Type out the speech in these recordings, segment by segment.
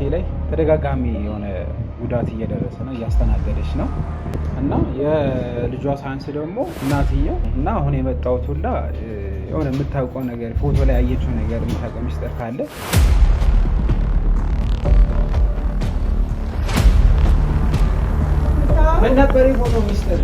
ህይወቴ ላይ ተደጋጋሚ የሆነ ጉዳት እየደረሰ ነው፣ እያስተናገደች ነው እና የልጇ ሳንስ ደግሞ እናትየው እና አሁን የመጣሁት ሁላ የሆነ የምታውቀው ነገር ፎቶ ላይ ያየችው ነገር የምታውቀው ሚስጥር ካለ ምን ነበር የፎቶ ሚስጥር?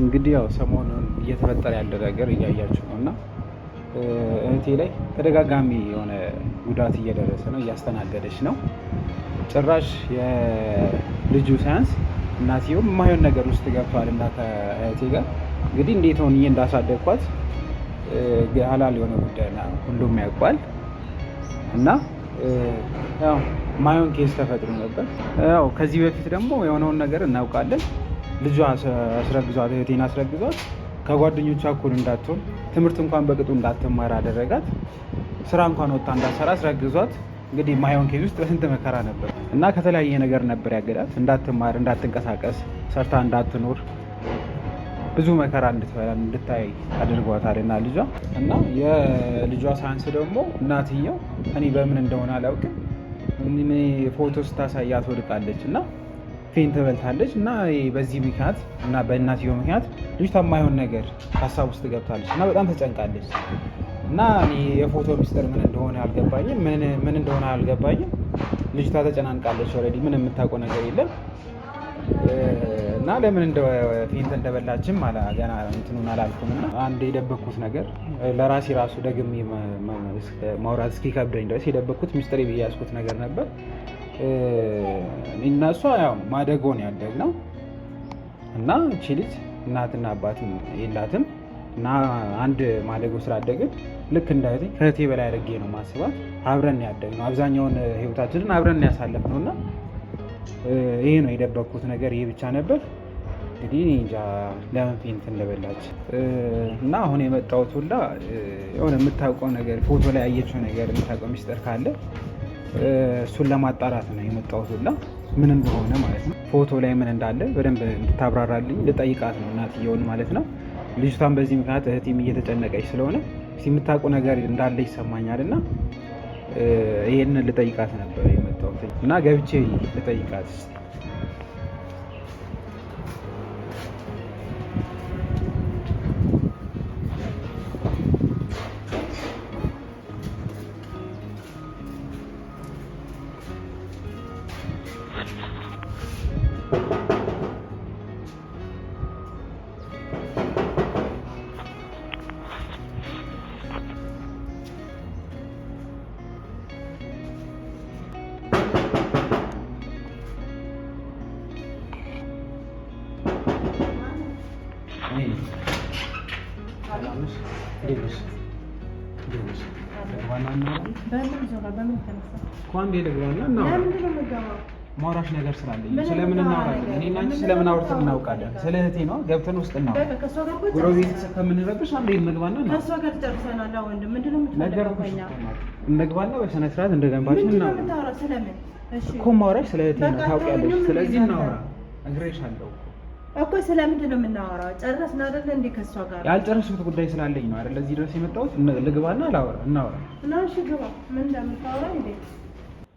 እንግዲህ ያው ሰሞኑን እየተፈጠረ ያለ ነገር እያያችሁ ነው እና እህቴ ላይ ተደጋጋሚ የሆነ ጉዳት እየደረሰ ነው፣ እያስተናገደች ነው። ጭራሽ የልጁ ሳያንስ እናትየው የማይሆን ነገር ውስጥ ገብቷል እናተ እህቴ ጋር እንግዲህ እንዴት ሆኜ እንዳሳደግኳት ሀላል የሆነ ጉዳይ ሁሉም ያውቋል እና ያው ማይሆን ኬስ ተፈጥሮ ነበር። ያው ከዚህ በፊት ደግሞ የሆነውን ነገር እናውቃለን። ልጇ አስረግዟት እህቴን አስረግዟት ከጓደኞቿ እኩል እንዳትሆን ትምህርት እንኳን በቅጡ እንዳትማር አደረጋት። ስራ እንኳን ወጣ እንዳትሰራ አስረግዟት። እንግዲህ ማየውን ኬዝ ውስጥ በስንት መከራ ነበር እና ከተለያየ ነገር ነበር ያገዳት። እንዳትማር፣ እንዳትንቀሳቀስ፣ ሰርታ እንዳትኖር ብዙ መከራ እንድትበላ እንድታይ አድርጓታል እና ልጇ እና የልጇ ሳያንስ ደግሞ እናትየው እኔ በምን እንደሆነ አላውቅም ፎቶ ስታሳያት ወድቃለች እና ፌን ትበልታለች እና በዚህ ምክንያት እና በእናትየው ምክንያት ልጅቷ የማይሆን ነገር ሀሳብ ውስጥ ገብታለች እና በጣም ተጨንቃለች እና የፎቶ ሚስጥር ምን እንደሆነ አልገባኝም። ምን እንደሆነ አልገባኝም። ልጅቷ ተጨናንቃለች። ኦልሬዲ ምን የምታውቀው ነገር የለም እና ለምን እንደ ፌንት እንደበላችም ገና እንትኑን አላልኩም። እና አንድ የደበኩት ነገር ለራሴ ራሱ ደግሜ ማውራት እስኪከብደኝ ድረስ የደበኩት ሚስጥር ብዬ ነገር ነበር። እና እሷ ያው ያደግ ነው ያደግነው እና እቺ ልጅ እናትና አባትም የላትም እና አንድ ማደጎ ስላደግን ልክ እንዳይተኝ ከእህቴ በላይ አድርጌ ነው ማስባት። አብረን ያደግነው አብዛኛውን ህይወታችንን አብረን ነው እና ይሄ ነው የደበቅኩት ነገር ይሄ ብቻ ነበር። እንግዲህ እንጃ ለምን ፌንት እንደበላች እና አሁን የመጣሁት ሁላ የሆነ የምታውቀው ነገር ፎቶ ላይ ያየችው ነገር የምታውቀው ሚስጥር ካለ እሱን ለማጣራት ነው የመጣሁት ሁላ ምን እንደሆነ ማለት ነው። ፎቶ ላይ ምን እንዳለ በደንብ እንድታብራራልኝ ልጠይቃት ነው እናትየውን ማለት ነው። ልጅቷን በዚህ ምክንያት እህቴም እየተጨነቀች ስለሆነ የምታውቁ ነገር እንዳለ ይሰማኛል እና ይህንን ልጠይቃት ነበር የመጣሁት እና ገብቼ ልጠይቃት Kalmış. Gelir. Gelir. Ben de güzel, şey ben de güzel. Kwan gelir, ben de güzel. Ben de güzel. ማውራሽ ነገር ስላለኝ ስለምን እናወራለን? እኔ እና አንቺ ስለምን አውርተን እናውቃለን? ስለ እህቴ ነው። ገብተን ውስጥ እናውራ። ጎረቤት ከምንረብሽ አንዴ እንግባና እንግባና በስነ ስርዓት እንደ ደንባችን እናውራ እኮ ማውራሽ ስለ እህቴ ነው፣ ታውቂያለሽ። ስለዚህ እናውራ አለው እኮ ስለምንድን ነው የምናወራው? ጨረስን አይደለ እንዴ? ከሷ ጋር ያልጨረስኩት ጉዳይ ስላለኝ ነው አይደል እዚህ ድረስ የመጣሁት። ልግባና ላወራ እናውራ እና እሺ ግባ። ምን እንደምታወራ እንዴ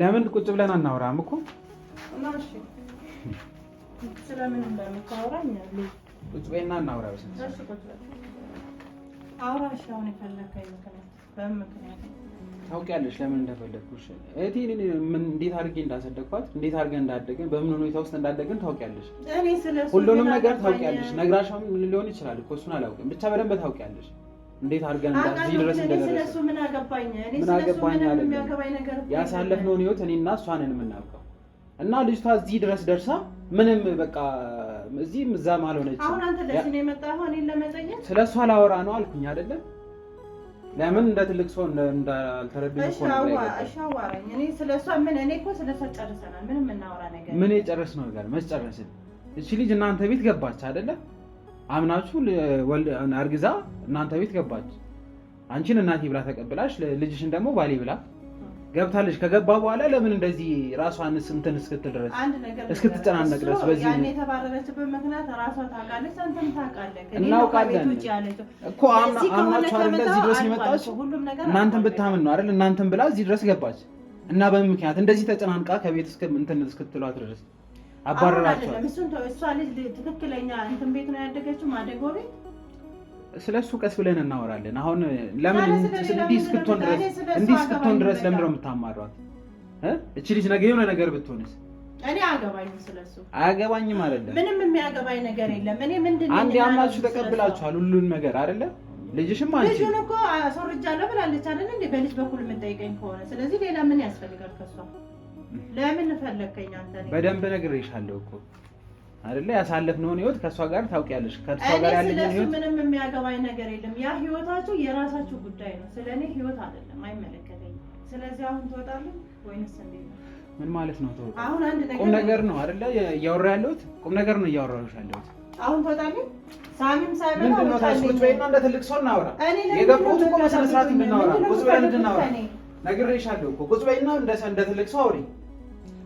ለምን ቁጭ ብለን አናወራም እኮ? ስለምን እንደምታወራኝ ቁጭ በይና እናውራ። ታውቂያለሽ ለምን እንደፈለግኩሽ እህቴን እንዴት አድርጌ እንዳሰደግኳት እንዴት አድርገን እንዳደገን በምን ሁኔታ ውስጥ እንዳደገን ታውቂያለሽ። ሁሉንም ነገር ታውቂያለሽ። ነግራሽም ሊሆን ይችላል እኮ እሱን አላውቅም፣ ብቻ በደንብ ታውቂያለሽ። እንዴት አድርገን እዚህ ድረስ እንደደረሰ ምን እኔ ስለሱ የሚያገባኝ ነገር ያሳለፍነውን ህይወት እኔና እሷ ነን የምናውቀው። እና ልጅቷ እዚህ ድረስ ደርሳ ምንም በቃ እዚህም እዛም አልሆነች። አሁን አንተ ነው ስለ እሷ ላወራ ነው አልኩኝ አይደለም። ለምን እንደ ትልቅ ሰው እንዳልተረዱኝ እኮ ነው። እኔ ምን እኔ እኮ ምንም እናወራ ነገር ምን የጨረስነው ነገር መች እቺ ልጅ እናንተ ቤት ገባች አይደለም አምናችሁ አርግዛ እናንተ ቤት ገባች። አንቺን እናቴ ብላ ተቀብላሽ ልጅሽን ደግሞ ባሌ ብላ ገብታለች። ከገባ በኋላ ለምን እንደዚህ ራሷን ስንትን እስክትል ድረስ እስክትጨናነቅ ድረስ በዚህ የተባረረችበት ምክንያት ራሷ ታውቃለች፣ አንተም ታውቃለህ። እናውቃለን እኮ አምናችሁ አይደል እዚህ ድረስ የመጣች እናንተን ብታምን ነው አይደል እናንተን ብላ እዚህ ድረስ ገባች እና በምን ምክንያት እንደዚህ ተጨናንቃ ከቤት እንትን እስክትሏት ድረስ አባረራቸዋል። እሷ ልጅ ትክክለኛ እንትን ቤት ነው ያደገችው፣ ማደጎ ቤት። ስለ እሱ ቀስ ብለን እናወራለን። አሁን ለምን እንዲህ እስክትሆን ድረስ ለምንድን ነው የምታማሯት? ልጅ ነገ የሆነ ነገር ብትሆንስ? እኔ አያገባኝም፣ አያገባኝም። አይደለም ምንም የሚያገባኝ ነገር የለም። እኔ ምንድን አምናችሁ ተቀብላችኋል ሁሉን ነገር አይደለም ልጅሽም አንቺ ልጁን እኮ አስወርጃለሁ ብላለች አይደል? በልጅ በኩል የምንጠይቀኝ ከሆነ ስለዚህ ሌላ ምን ያስፈልጋል ከሷ? ለምን ፈለከኝ አንተ? በደንብ ነግሬሻለሁ እኮ አይደለ? ያሳለፍነውን ህይወት ከእሷ ጋር ታውቂያለሽ። ከእሷ ጋር ያለኝ ህይወት ምንም የሚያገባኝ ነገር የለም። ያ ህይወታችሁ የራሳችሁ ጉዳይ ነው። ስለኔ ህይወት አይደለም፣ አይመለከተኝም። ስለዚህ አሁን ትወጣለህ ወይንስ እንዴት ነው? ምን ማለት ነው ትወጣለህ? አሁን አንድ ነገር ቁም ነገር ነው አይደለ? እያወራ ያለሁት ቁም ነገር ነው እያወራሁሽ ያለሁት። አሁን ትወጣለህ? ሳሚም ሳይበላ ምንድን ነው ታስቁት በይና እንደ ትልቅ ሰው እናውራ። የገባሁት እኮ በስነ ስርዓት እንድናወራ ቁጭ ብለን እንድናወራ ነግሬሻለሁ እኮ ቁጭ በይና እንደ እንደ ትልቅ ሰው አውሪኝ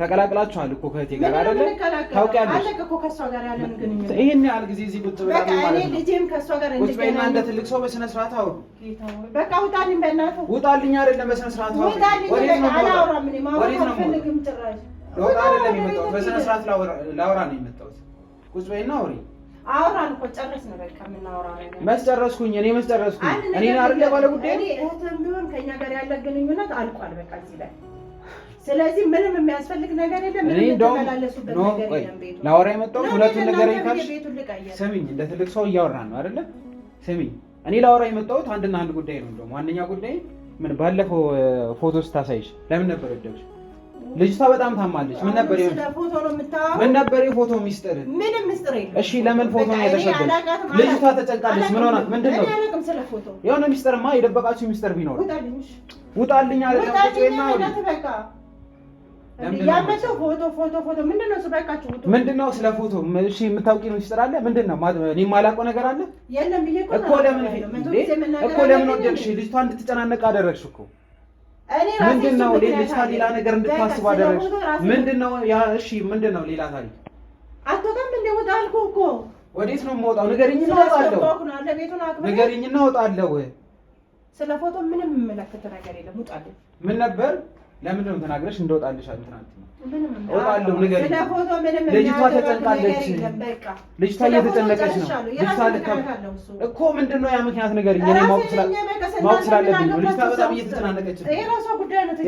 ተቀላቅላችኋል እኮ ከእህቴ ጋር አይደለ? ታውቂያለሽ እኮ ከእሷ ጋር ያለን ግንኙነት። ይሄን ያህል ጊዜ እዚህ ቁጭ ብላ ማለት ነው። ቁጭ በይና እንደ ትልቅ ሰው በስነ ስርዓት አውሩ። በቃ ውጣልኝ፣ በእናትህ ውጣልኝ። አይደለም በስነ ስርዓት አውሩ። ወዴት ነው ወዴት ነው ለወጣ አይደለም የመጣሁት፣ በስነ ስርዓት ላውራ ነው የመጣሁት። ቁጭ በይና አውሪ። አውራን እኮ ጨረስን። በቃ የምናወራው ነገር መስጨረስኩኝ እኔ መስጨረስኩኝ እኔን አይደለ ባለ ጉዳይ እህትህም ቢሆን ከእኛ ጋር ያለ ግንኙነት አልቋል። በቃ እዚህ ላይ ስለዚህ ምንም የሚያስፈልግ ነገር የለም። ምንም የተመላለሱበት ላወራ የመጣሁት ሁለቱን ነገር ስሚኝ፣ እንደ ትልቅ ሰው እያወራን ነው አይደለ? ስሚኝ፣ እኔ ላወራ የመጣሁት አንድና አንድ ጉዳይ ነው። እንደውም ዋነኛ ጉዳይ ምን ባለፈው ፎቶ ስታሳይሽ ለምን ነበር የወደድሽ? ልጅቷ በጣም ታማለች። ምን ነበር ምን ነበር የፎቶ ሚስጥር? ምንም ሚስጥር የለም። እሺ ለምን ፎቶ ነው የተሰደደ? ልጅቷ ተጨንቃለች። ምን ሆናት? ምንድን ነው የሆነ ሚስጥርማ የደበቃችሁ ሚስጥር ቢኖር ውጣልኝ አይደለም ያመጣው ፎቶ ፎቶ ፎቶ ምንድን ነው? ስበቃችሁ ምንድን ነው? ስለ ፎቶ እሺ፣ ነው ምስጢር አለ? ምንድን ነው? እኔ የማላውቀው ነገር አለ የለም ብዬሽ እኮ ለምን እኮ ለምን ወደድሽ? ልጅቷ እንድትጨናነቅ አደረግሽ እኮ። ምንድን ነው ልጅቷ ሌላ ነገር እንድታስብ አደረግሽ። ምንድን ነው? እሺ፣ ምንድን ነው ሌላ ታሪክ? አትወጣም እንደ ወጣ እኮ። ወዴት ነው የምወጣው? ንገሪኝና እወጣለሁ። ንገሪኝና እወጣለሁ። ስለ ፎቶ ምንም የምመለከት ነገር የለም። ውጣለሁ። ምን ነበር ለምንድን ነው ተናግረሽ እንደወጣልሽ አልተናት እወጣለሁ። ንገሪኝ። ልጅቷ ተጨንቃለች። ልጅቷ እየተጨነቀች ነው። ልጅቷ እኮ ምንድን ነው ያ ምክንያት ንገሪኝ። እኔ ማወቅ ስላለብኝ ነው። ልጅቷ በጣም እየተጨናነቀች ነው።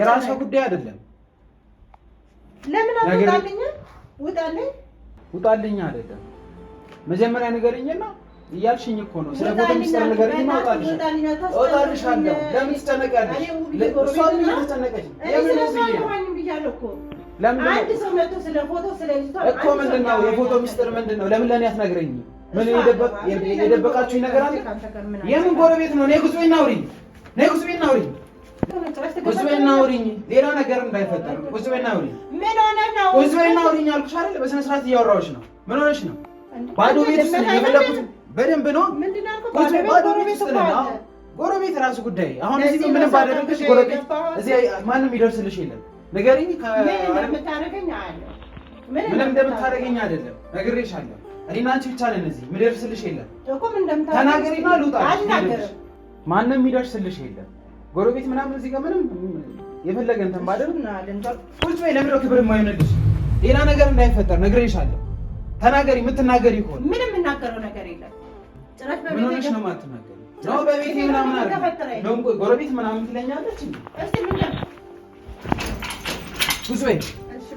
የራሷ ጉዳይ አይደለም። ለምን ውጣልኝ? ውጣልኝ አይደለም። መጀመሪያ ንገሪኝና እያልሽኝ እኮ ነው። ስለ ቦታ ሚስጥር ነገር ግን እወጣልሻለሁ። ምንድን ነው የፎቶ ሚስጥር ምንድን ነው? ለምን ለእኔ አትነግረኝ? ምን የደበቃችሁኝ ነገር አለ? የምን ጎረቤት ነው? ጉዞና ውሪኝ፣ ጉዞና ውሪኝ፣ ጉዞና ውሪኝ። ሌላ ነገር እንዳይፈጠር ጉዞና ውሪኝ፣ ጉዞና ውሪኝ አልኩሽ አይደል? በስነ ስርዓት እያወራሁሽ ነው። ምን ሆነሽ ነው? ባዶ ቤት ውስጥ የፈለኩት በደንብ ነው። ጎረቤት ራሱ ጉዳይ። አሁን እዚህ ምንም ባደረግሽ ጎረቤት እዚህ ማንም ይደርስልሽ የለም። ንገሪኝ፣ ምንም እንደምታደርገኝ አይደለም ነግሬሻለሁ። እኔና አንቺ ብቻ ነን እዚህ፣ የሚደርስልሽ የለም። ተናገሪና ልውጣ። ማንም ይደርስልሽ የለም። ጎረቤት ምናምን እዚህ ከምንም ምንም የፈለገ እንትን ባደርግ ቁጭ በይ። ለምንድን ነው ክብር የማይሆንልሽ? ሌላ ነገር እንዳይፈጠር ነግሬሻለሁ። ተናገሪ፣ የምትናገሪ ይሆን። ምንም የምናገረው ነገር የለም ምን ሆነሽ ነው የማትናገሪው? ጎረቤት ምናምን ትለኛለች።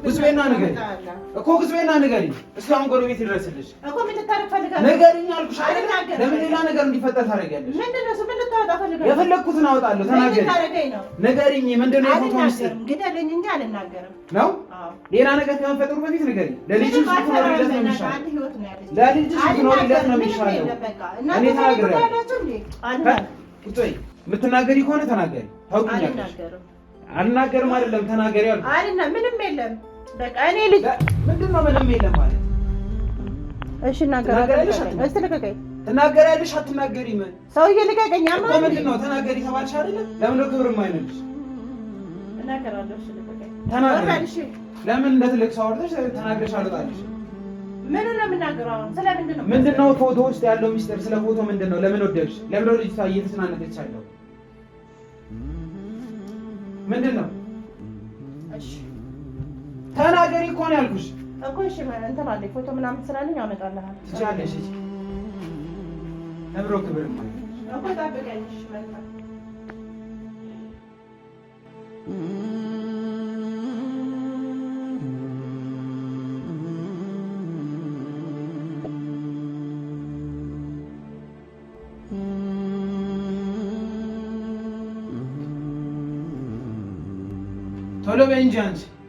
ግዝቤና ንገሪኝ እኮ ግዝቤና ንገሪኝ። እስኪ አሁን ጎረቤት ይድረስልሽ እኮ ምን ልታረግ ፈልጋለሽ? ንገሪኝ አልኩሽ አይደል? ለምን ሌላ ነገር እንዲፈጠር ታደርጊያለሽ? ምንድን ነው እሱ ምን ልታወጣ ፈልጋለሽ? የፈለግኩትን አወጣለሁ። ተናገሪ። ንገሪኝ። ምንድን ነው የፎቶ ምስጢር? ግደለኝ እንጂ አልናገርም ነው። ሌላ ነገር ከመፈጠሩ በፊት ንገሪኝ። ለልጅሽ ስትኖሪለት ነው የሚሻለው። ለልጅሽ ስትኖሪለት ነው የሚሻለው። እኔ ተናግሬያለሁ። ቁጭ በይ። የምትናገሪ ከሆነ ተናገሪ። ታውቂኛለሽ። አልናገርም አይደለም ተናገሪ አልኩሽ። ምንም የለም በቃ እኔ ልጅ ምንድን ነው ምንም የለም ማለት እሺ፣ እናገራለሽ አትናገሪ፣ ትናገሪያለሽ አትናገሪ፣ ምን ሰውዬ ልቀቀኝ። አማ ምንድን ነው ተናገሪ ተባልሽ አይደለ? ለምን ነው ክብርም አይነልሽ? ለምን እንደ ትልቅ ሰው አውርተሽ ተናግረሽ አልወጣልሽ? ምን ነው የምናገረው? ስለ ነው ምንድን ነው ፎቶ ውስጥ ያለው ሚስጥር? ስለ ፎቶ ምንድን ነው? ለምን ወደድሽ? ለምን ነው ልጅቷ እየተሰናነቀች ያለው ምንድን ነው? እሺ ተናገሪ እኮ ነው ያልኩሽ እኮ። እሺ እንትን አለኝ ፎቶ ምናምን ስላለኝ አመጣልሀል። ትችያለሽ። እሺ እብሮ ክብር እኮ ጠብቀኝ። እሺ መጣ ቶሎ በይ እንጂ አንቺ